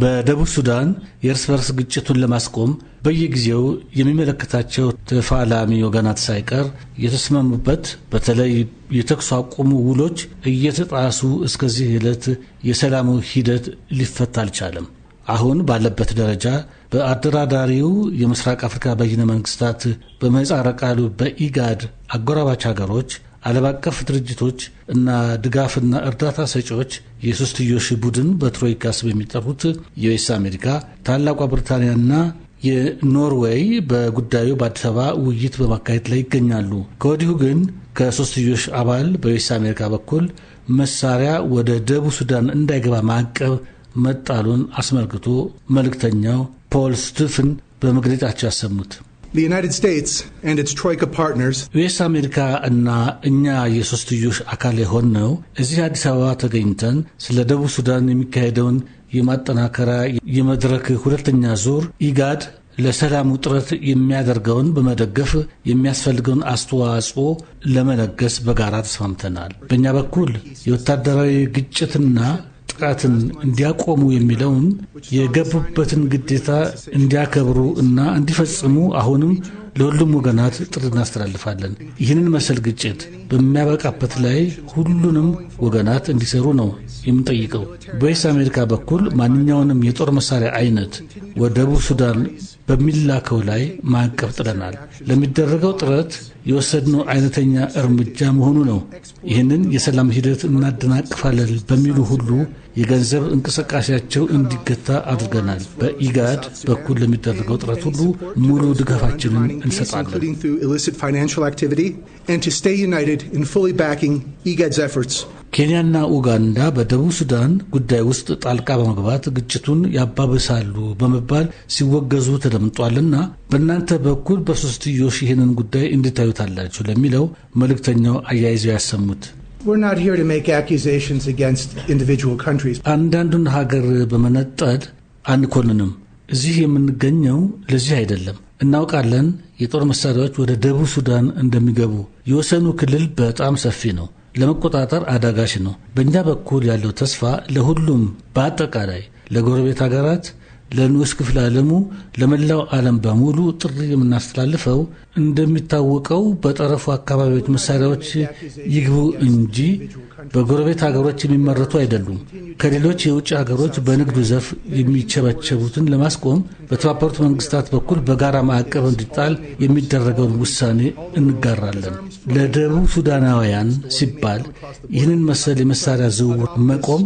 በደቡብ ሱዳን የእርስ በርስ ግጭቱን ለማስቆም በየጊዜው የሚመለከታቸው ተፋላሚ ወገናት ሳይቀር የተስማሙበት በተለይ የተኩስ አቁሙ ውሎች እየተጣሱ እስከዚህ ዕለት የሰላሙ ሂደት ሊፈታ አልቻለም። አሁን ባለበት ደረጃ በአደራዳሪው የምስራቅ አፍሪካ በይነ መንግስታት በምህጻረ ቃሉ በኢጋድ አጎራባች ሀገሮች ዓለም አቀፍ ድርጅቶች እና ድጋፍና እርዳታ ሰጪዎች የሶስትዮሽ ቡድን በትሮይካ ስም የሚጠሩት የዩኤስ አሜሪካ፣ ታላቋ ብሪታንያና የኖርዌይ በጉዳዩ በአዲስ አበባ ውይይት በማካሄድ ላይ ይገኛሉ። ከወዲሁ ግን ከሶስትዮሽ አባል በዩኤስ አሜሪካ በኩል መሳሪያ ወደ ደቡብ ሱዳን እንዳይገባ ማዕቀብ መጣሉን አስመልክቶ መልእክተኛው ፖል ስቱፍን በመግለጫቸው ያሰሙት ዩኤስ አሜሪካ እና እኛ የሶስትዮሽ አካል ነው እዚህ አዲስ አበባ ተገኝተን ስለ ደቡብ ሱዳን የሚካሄደውን የማጠናከሪያ የመድረክ ሁለተኛ ዙር ኢጋድ ለሰላም ውጥረት የሚያደርገውን በመደገፍ የሚያስፈልገውን አስተዋጽኦ ለመለገስ በጋራ ተስማምተናል። በእኛ በኩል የወታደራዊ ግጭትና ጥቃትን እንዲያቆሙ የሚለውን የገቡበትን ግዴታ እንዲያከብሩ እና እንዲፈጽሙ አሁንም ለሁሉም ወገናት ጥሪ እናስተላልፋለን። ይህንን መሰል ግጭት በሚያበቃበት ላይ ሁሉንም ወገናት እንዲሰሩ ነው የምንጠይቀው። በዌስ አሜሪካ በኩል ማንኛውንም የጦር መሳሪያ አይነት ወደ ደቡብ ሱዳን በሚላከው ላይ ማቀፍ ጥለናል። ለሚደረገው ጥረት የወሰድነው አይነተኛ እርምጃ መሆኑ ነው። ይህንን የሰላም ሂደት እናደናቅፋለን በሚሉ ሁሉ የገንዘብ እንቅስቃሴያቸው እንዲገታ አድርገናል። በኢጋድ በኩል ለሚደረገው ጥረት ሁሉ ሙሉ ድጋፋችንን እንሰጣለን። ኢጋድስ ኬንያና ኡጋንዳ በደቡብ ሱዳን ጉዳይ ውስጥ ጣልቃ በመግባት ግጭቱን ያባብሳሉ በመባል ሲወገዙ ተደምጧልና በእናንተ በኩል በሶስትዮሽ ይህንን ጉዳይ እንድታዩታላችሁ ለሚለው መልእክተኛው አያይዘው ያሰሙት አንዳንዱን ሀገር በመነጠድ አንኮንንም። እዚህ የምንገኘው ለዚህ አይደለም። እናውቃለን የጦር መሳሪያዎች ወደ ደቡብ ሱዳን እንደሚገቡ። የወሰኑ ክልል በጣም ሰፊ ነው። ለመቆጣጠር አዳጋች ነው። በእኛ በኩል ያለው ተስፋ ለሁሉም በአጠቃላይ ለጎረቤት ሀገራት፣ ለንዑስ ክፍለ ዓለሙ፣ ለመላው ዓለም በሙሉ ጥሪ የምናስተላልፈው እንደሚታወቀው በጠረፉ አካባቢዎች መሳሪያዎች ይግቡ እንጂ በጎረቤት ሀገሮች የሚመረቱ አይደሉም። ከሌሎች የውጭ ሀገሮች በንግዱ ዘርፍ የሚቸበቸቡትን ለማስቆም በተባበሩት መንግስታት በኩል በጋራ ማዕቀብ እንዲጣል የሚደረገውን ውሳኔ እንጋራለን። ለደቡብ ሱዳናውያን ሲባል ይህንን መሰል የመሳሪያ ዝውውር መቆም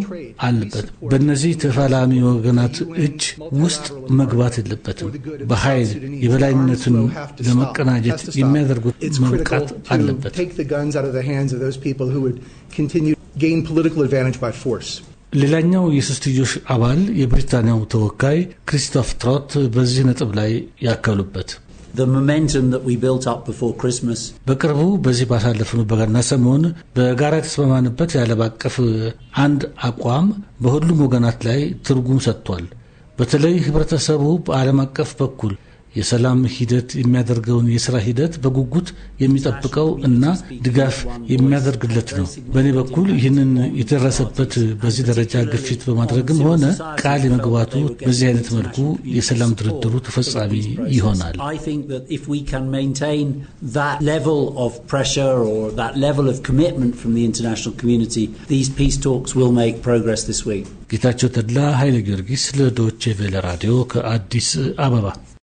አለበት። በእነዚህ ተፋላሚ ወገናት እጅ ውስጥ መግባት የለበትም። በኃይል የበላይነትን ለመቀናጀት የሚያደርጉት መብቃት አለበት። ሌላኛው የሶስትዮሽ አባል የብሪታንያው ተወካይ ክሪስቶፍ ትሮት በዚህ ነጥብ ላይ ያከሉበት በቅርቡ በዚህ ባሳለፍነው በጋና ሰሞን በጋራ የተስማማንበት የዓለም አቀፍ አንድ አቋም በሁሉም ወገናት ላይ ትርጉም ሰጥቷል። በተለይ ህብረተሰቡ በዓለም አቀፍ በኩል የሰላም ሂደት የሚያደርገውን የስራ ሂደት በጉጉት የሚጠብቀው እና ድጋፍ የሚያደርግለት ነው። በእኔ በኩል ይህንን የደረሰበት በዚህ ደረጃ ግፊት በማድረግም ሆነ ቃል የመግባቱ በዚህ አይነት መልኩ የሰላም ድርድሩ ተፈጻሚ ይሆናል። ጌታቸው ተድላ ኃይለ ጊዮርጊስ ለዶቼ ቬለ ራዲዮ ከአዲስ አበባ